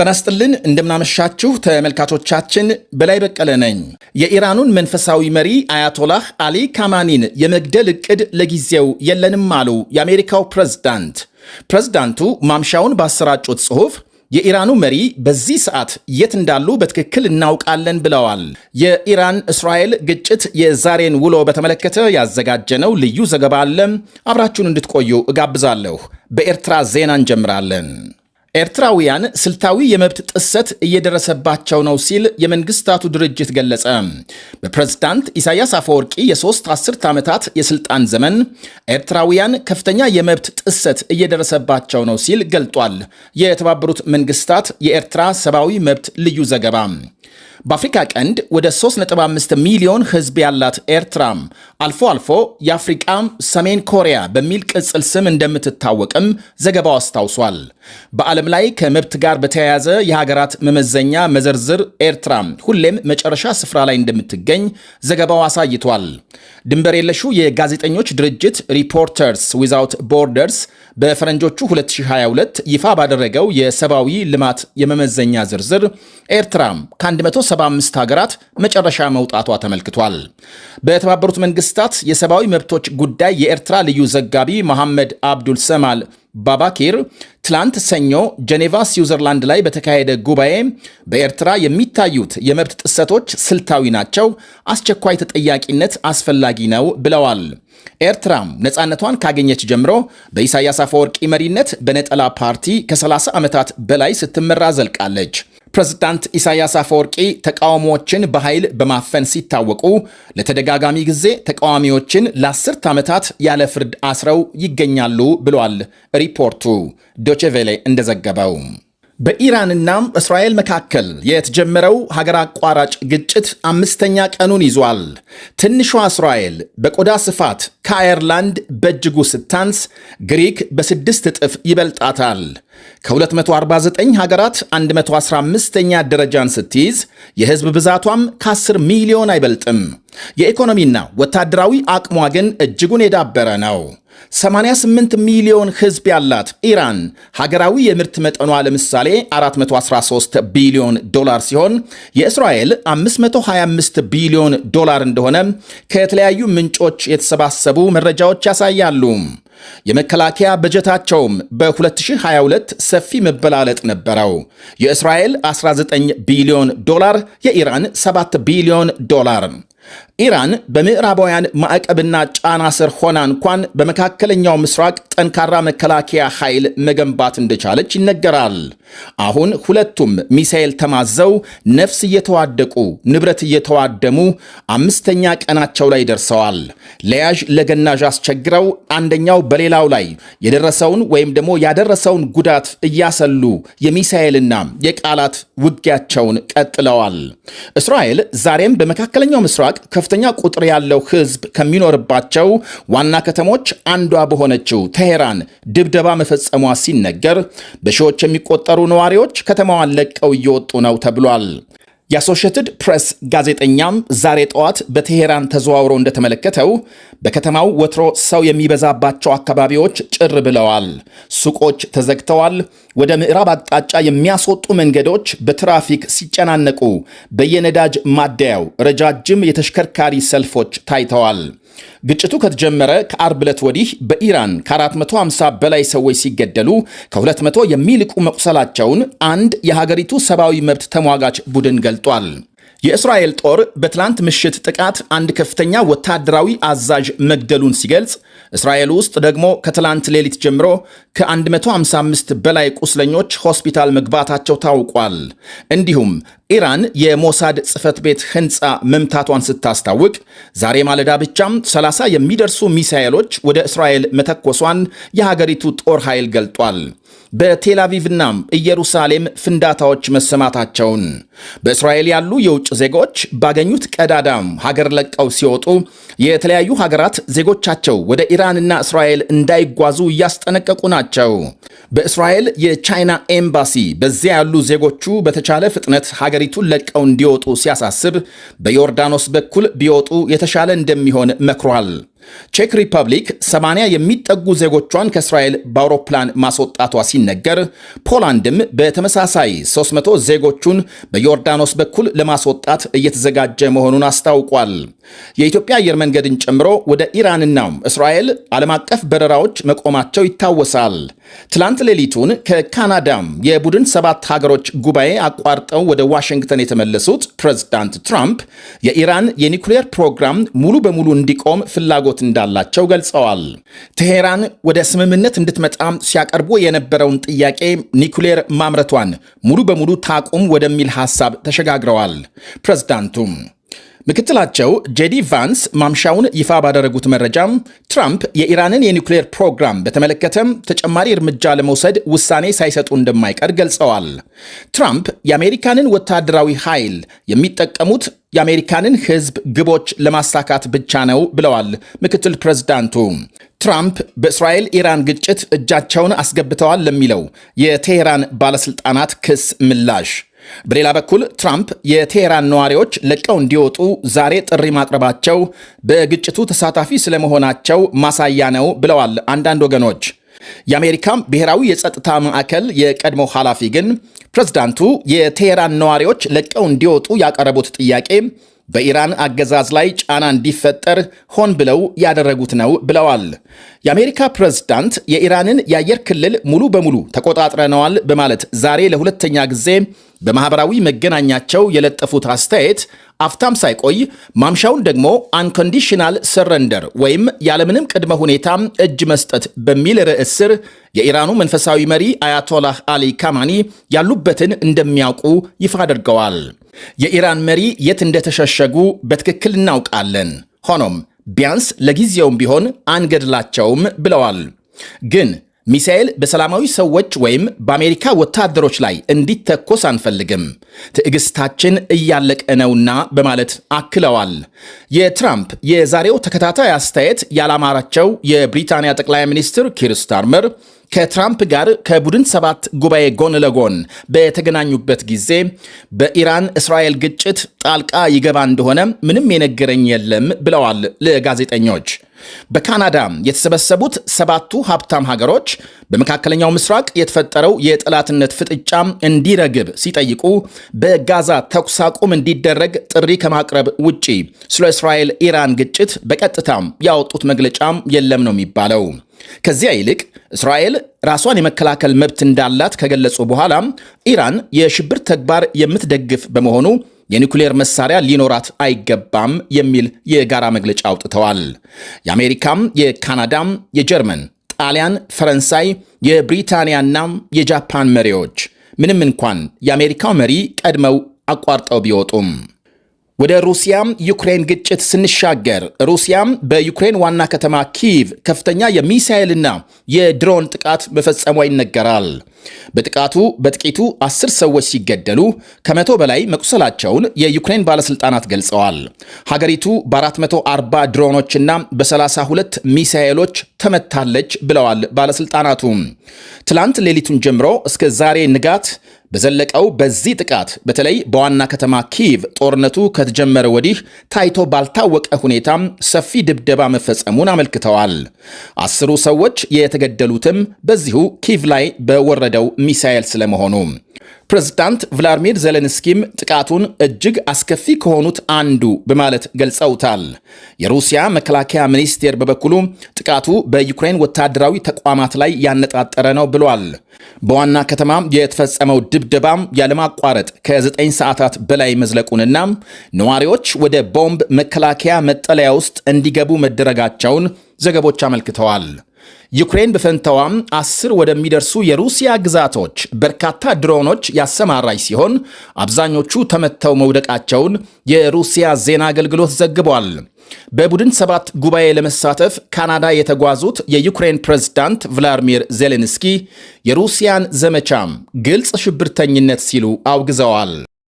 ጤና ይስጥልን እንደምናመሻችሁ ተመልካቾቻችን፣ በላይ በቀለ ነኝ። የኢራኑን መንፈሳዊ መሪ አያቶላህ አሊ ካማኒን የመግደል እቅድ ለጊዜው የለንም አሉ የአሜሪካው ፕሬዝዳንት። ፕሬዝዳንቱ ማምሻውን ባሰራጩት ጽሑፍ የኢራኑ መሪ በዚህ ሰዓት የት እንዳሉ በትክክል እናውቃለን ብለዋል። የኢራን እስራኤል ግጭት የዛሬን ውሎ በተመለከተ ያዘጋጀነው ልዩ ዘገባ አለም አብራችሁን እንድትቆዩ እጋብዛለሁ። በኤርትራ ዜና እንጀምራለን። ኤርትራውያን ስልታዊ የመብት ጥሰት እየደረሰባቸው ነው ሲል የመንግስታቱ ድርጅት ገለጸ። በፕሬዝዳንት ኢሳያስ አፈወርቂ የሶስት አስርት ዓመታት የስልጣን ዘመን ኤርትራውያን ከፍተኛ የመብት ጥሰት እየደረሰባቸው ነው ሲል ገልጧል። የተባበሩት መንግስታት የኤርትራ ሰብአዊ መብት ልዩ ዘገባ በአፍሪካ ቀንድ ወደ 3.5 ሚሊዮን ህዝብ ያላት ኤርትራም አልፎ አልፎ የአፍሪቃም ሰሜን ኮሪያ በሚል ቅጽል ስም እንደምትታወቅም ዘገባው አስታውሷል። በዓለም ላይ ከመብት ጋር በተያያዘ የሀገራት መመዘኛ መዘርዝር ኤርትራም ሁሌም መጨረሻ ስፍራ ላይ እንደምትገኝ ዘገባው አሳይቷል። ድንበር የለሹ የጋዜጠኞች ድርጅት ሪፖርተርስ ዊዛውት ቦርደርስ በፈረንጆቹ 2022 ይፋ ባደረገው የሰብአዊ ልማት የመመዘኛ ዝርዝር ኤርትራም ከ175 ሀገራት መጨረሻ መውጣቷ ተመልክቷል። በተባበሩት መንግስታት የሰብአዊ መብቶች ጉዳይ የኤርትራ ልዩ ዘጋቢ መሐመድ አብዱል ሰማል ባባኪር ትላንት ሰኞ ጀኔቫ ስዊዘርላንድ ላይ በተካሄደ ጉባኤ በኤርትራ የሚታዩት የመብት ጥሰቶች ስልታዊ ናቸው፣ አስቸኳይ ተጠያቂነት አስፈላጊ ነው ብለዋል። ኤርትራም ነፃነቷን ካገኘች ጀምሮ በኢሳያስ አፈወርቂ መሪነት በነጠላ ፓርቲ ከ30 ዓመታት በላይ ስትመራ ዘልቃለች። ፕሬዝዳንት ኢሳያስ አፈወርቂ ተቃውሞዎችን በኃይል በማፈን ሲታወቁ ለተደጋጋሚ ጊዜ ተቃዋሚዎችን ለአስርት ዓመታት ያለ ፍርድ አስረው ይገኛሉ ብሏል ሪፖርቱ ዶቼቬሌ እንደዘገበው። በኢራንና እስራኤል መካከል የተጀመረው ሀገር አቋራጭ ግጭት አምስተኛ ቀኑን ይዟል። ትንሿ እስራኤል በቆዳ ስፋት ከአየርላንድ በእጅጉ ስታንስ፣ ግሪክ በስድስት እጥፍ ይበልጣታል። ከ249 ሀገራት 115ኛ ደረጃን ስትይዝ የሕዝብ ብዛቷም ከ10 ሚሊዮን አይበልጥም። የኢኮኖሚና ወታደራዊ አቅሟ ግን እጅጉን የዳበረ ነው። 88 ሚሊዮን ሕዝብ ያላት ኢራን ሀገራዊ የምርት መጠኗ ለምሳሌ 413 ቢሊዮን ዶላር ሲሆን የእስራኤል 525 ቢሊዮን ዶላር እንደሆነ ከተለያዩ ምንጮች የተሰባሰቡ መረጃዎች ያሳያሉ። የመከላከያ በጀታቸውም በ2022 ሰፊ መበላለጥ ነበረው። የእስራኤል 19 ቢሊዮን ዶላር፣ የኢራን 7 ቢሊዮን ዶላር። ኢራን በምዕራባውያን ማዕቀብና ጫና ስር ሆና እንኳን በመካከለኛው ምስራቅ ጠንካራ መከላከያ ኃይል መገንባት እንደቻለች ይነገራል። አሁን ሁለቱም ሚሳኤል ተማዘው ነፍስ እየተዋደቁ ንብረት እየተዋደሙ አምስተኛ ቀናቸው ላይ ደርሰዋል። ለያዥ ለገናዥ አስቸግረው አንደኛው በሌላው ላይ የደረሰውን ወይም ደግሞ ያደረሰውን ጉዳት እያሰሉ የሚሳኤልና የቃላት ውጊያቸውን ቀጥለዋል። እስራኤል ዛሬም በመካከለኛው ምስራቅ ምስራቅ ከፍተኛ ቁጥር ያለው ህዝብ ከሚኖርባቸው ዋና ከተሞች አንዷ በሆነችው ቴሄራን ድብደባ መፈጸሟ ሲነገር በሺዎች የሚቆጠሩ ነዋሪዎች ከተማዋን ለቀው እየወጡ ነው ተብሏል። የአሶሺየትድ ፕሬስ ጋዜጠኛም ዛሬ ጠዋት በቴሄራን ተዘዋውሮ እንደተመለከተው በከተማው ወትሮ ሰው የሚበዛባቸው አካባቢዎች ጭር ብለዋል፣ ሱቆች ተዘግተዋል፣ ወደ ምዕራብ አቅጣጫ የሚያስወጡ መንገዶች በትራፊክ ሲጨናነቁ፣ በየነዳጅ ማደያው ረጃጅም የተሽከርካሪ ሰልፎች ታይተዋል። ግጭቱ ከተጀመረ ከአርብ ዕለት ወዲህ በኢራን ከ450 በላይ ሰዎች ሲገደሉ ከ200 የሚልቁ መቁሰላቸውን አንድ የሀገሪቱ ሰብአዊ መብት ተሟጋች ቡድን ገልጧል። የእስራኤል ጦር በትላንት ምሽት ጥቃት አንድ ከፍተኛ ወታደራዊ አዛዥ መግደሉን ሲገልጽ እስራኤል ውስጥ ደግሞ ከትላንት ሌሊት ጀምሮ ከ155 በላይ ቁስለኞች ሆስፒታል መግባታቸው ታውቋል። እንዲሁም ኢራን የሞሳድ ጽሕፈት ቤት ህንፃ መምታቷን ስታስታውቅ ዛሬ ማለዳ ብቻም 30 የሚደርሱ ሚሳኤሎች ወደ እስራኤል መተኮሷን የሀገሪቱ ጦር ኃይል ገልጧል። በቴላቪቭና ኢየሩሳሌም ፍንዳታዎች መሰማታቸውን በእስራኤል ያሉ የውጭ ዜጎች ባገኙት ቀዳዳም ሀገር ለቀው ሲወጡ የተለያዩ ሀገራት ዜጎቻቸው ወደ ኢራንና እስራኤል እንዳይጓዙ እያስጠነቀቁ ናቸው። በእስራኤል የቻይና ኤምባሲ በዚያ ያሉ ዜጎቹ በተቻለ ፍጥነት ሀገር ሀገሪቱን ለቀው እንዲወጡ ሲያሳስብ በዮርዳኖስ በኩል ቢወጡ የተሻለ እንደሚሆን መክሯል። ቼክ ሪፐብሊክ 80 የሚጠጉ ዜጎቿን ከእስራኤል በአውሮፕላን ማስወጣቷ ሲነገር ፖላንድም በተመሳሳይ 300 ዜጎቹን በዮርዳኖስ በኩል ለማስወጣት እየተዘጋጀ መሆኑን አስታውቋል። የኢትዮጵያ አየር መንገድን ጨምሮ ወደ ኢራንና እስራኤል ዓለም አቀፍ በረራዎች መቆማቸው ይታወሳል። ትላንት ሌሊቱን ከካናዳም የቡድን ሰባት ሀገሮች ጉባኤ አቋርጠው ወደ ዋሽንግተን የተመለሱት ፕሬዝዳንት ትራምፕ የኢራን የኒኩሌር ፕሮግራም ሙሉ በሙሉ እንዲቆም ፍላጎት እንዳላቸው ገልጸዋል። ቴሄራን ወደ ስምምነት እንድትመጣ ሲያቀርቡ የነበረውን ጥያቄ ኒኩሌር ማምረቷን ሙሉ በሙሉ ታቁም ወደሚል ሐሳብ ተሸጋግረዋል። ፕሬዚዳንቱም ምክትላቸው ጄዲ ቫንስ ማምሻውን ይፋ ባደረጉት መረጃ ትራምፕ የኢራንን የኒውክሌር ፕሮግራም በተመለከተ ተጨማሪ እርምጃ ለመውሰድ ውሳኔ ሳይሰጡ እንደማይቀር ገልጸዋል። ትራምፕ የአሜሪካንን ወታደራዊ ኃይል የሚጠቀሙት የአሜሪካንን ሕዝብ ግቦች ለማሳካት ብቻ ነው ብለዋል ምክትል ፕሬዝዳንቱ። ትራምፕ በእስራኤል ኢራን ግጭት እጃቸውን አስገብተዋል ለሚለው የቴሄራን ባለሥልጣናት ክስ ምላሽ በሌላ በኩል ትራምፕ የቴሄራን ነዋሪዎች ለቀው እንዲወጡ ዛሬ ጥሪ ማቅረባቸው በግጭቱ ተሳታፊ ስለመሆናቸው ማሳያ ነው ብለዋል አንዳንድ ወገኖች። የአሜሪካም ብሔራዊ የጸጥታ ማዕከል የቀድሞ ኃላፊ ግን ፕሬዝዳንቱ የቴሄራን ነዋሪዎች ለቀው እንዲወጡ ያቀረቡት ጥያቄ በኢራን አገዛዝ ላይ ጫና እንዲፈጠር ሆን ብለው ያደረጉት ነው ብለዋል። የአሜሪካ ፕሬዝዳንት የኢራንን የአየር ክልል ሙሉ በሙሉ ተቆጣጥረነዋል በማለት ዛሬ ለሁለተኛ ጊዜ በማኅበራዊ መገናኛቸው የለጠፉት አስተያየት አፍታም ሳይቆይ ማምሻውን ደግሞ አንኮንዲሽናል ሰረንደር ወይም ያለምንም ቅድመ ሁኔታ እጅ መስጠት በሚል ርዕስ ስር የኢራኑ መንፈሳዊ መሪ አያቶላህ አሊ ካማኒ ያሉበትን እንደሚያውቁ ይፋ አድርገዋል። የኢራን መሪ የት እንደተሸሸጉ በትክክል እናውቃለን፣ ሆኖም ቢያንስ ለጊዜውም ቢሆን አንገድላቸውም ብለዋል ግን ሚሳኤል በሰላማዊ ሰዎች ወይም በአሜሪካ ወታደሮች ላይ እንዲተኮስ አንፈልግም፣ ትዕግስታችን እያለቀ ነውና በማለት አክለዋል። የትራምፕ የዛሬው ተከታታይ አስተያየት ያላማራቸው የብሪታንያ ጠቅላይ ሚኒስትር ኪር ስታርመር ከትራምፕ ጋር ከቡድን ሰባት ጉባኤ ጎን ለጎን በተገናኙበት ጊዜ በኢራን እስራኤል ግጭት ጣልቃ ይገባ እንደሆነ ምንም የነገረኝ የለም ብለዋል ለጋዜጠኞች። በካናዳ የተሰበሰቡት ሰባቱ ሀብታም ሀገሮች በመካከለኛው ምስራቅ የተፈጠረው የጠላትነት ፍጥጫ እንዲረግብ ሲጠይቁ በጋዛ ተኩስ አቁም እንዲደረግ ጥሪ ከማቅረብ ውጪ ስለ እስራኤል ኢራን ግጭት በቀጥታም ያወጡት መግለጫም የለም ነው የሚባለው። ከዚያ ይልቅ እስራኤል ራሷን የመከላከል መብት እንዳላት ከገለጹ በኋላ ኢራን የሽብር ተግባር የምትደግፍ በመሆኑ የኒኩሌር መሳሪያ ሊኖራት አይገባም የሚል የጋራ መግለጫ አውጥተዋል። የአሜሪካም፣ የካናዳም፣ የጀርመን፣ ጣሊያን፣ ፈረንሳይ፣ የብሪታንያና የጃፓን መሪዎች ምንም እንኳን የአሜሪካው መሪ ቀድመው አቋርጠው ቢወጡም ወደ ሩሲያም ዩክሬን ግጭት ስንሻገር ሩሲያም በዩክሬን ዋና ከተማ ኪቭ ከፍተኛ የሚሳኤልና የድሮን ጥቃት መፈጸሟ ይነገራል። በጥቃቱ በጥቂቱ አስር ሰዎች ሲገደሉ ከመቶ በላይ መቁሰላቸውን የዩክሬን ባለስልጣናት ገልጸዋል። ሀገሪቱ በ440 ድሮኖችና በ32 ሚሳኤሎች ተመታለች ብለዋል ባለስልጣናቱ። ትላንት ሌሊቱን ጀምሮ እስከ ዛሬ ንጋት በዘለቀው በዚህ ጥቃት በተለይ በዋና ከተማ ኪቭ ጦርነቱ ከተጀመረ ወዲህ ታይቶ ባልታወቀ ሁኔታም ሰፊ ድብደባ መፈጸሙን አመልክተዋል። አስሩ ሰዎች የተገደሉትም በዚሁ ኪቭ ላይ በወረደው ሚሳኤል ስለመሆኑ ፕሬዝዳንት ቭላድሚር ዜሌንስኪም ጥቃቱን እጅግ አስከፊ ከሆኑት አንዱ በማለት ገልጸውታል። የሩሲያ መከላከያ ሚኒስቴር በበኩሉ ጥቃቱ በዩክሬን ወታደራዊ ተቋማት ላይ ያነጣጠረ ነው ብሏል። በዋና ከተማ የተፈጸመው ድብደባም ያለማቋረጥ ከ9 ሰዓታት በላይ መዝለቁንና ነዋሪዎች ወደ ቦምብ መከላከያ መጠለያ ውስጥ እንዲገቡ መደረጋቸውን ዘገቦች አመልክተዋል። ዩክሬን በፈንታዋም አስር ወደሚደርሱ የሩሲያ ግዛቶች በርካታ ድሮኖች ያሰማራች ሲሆን አብዛኞቹ ተመተው መውደቃቸውን የሩሲያ ዜና አገልግሎት ዘግቧል። በቡድን ሰባት ጉባኤ ለመሳተፍ ካናዳ የተጓዙት የዩክሬን ፕሬዝዳንት ቭላድሚር ዜሌንስኪ የሩሲያን ዘመቻም ግልጽ ሽብርተኝነት ሲሉ አውግዘዋል።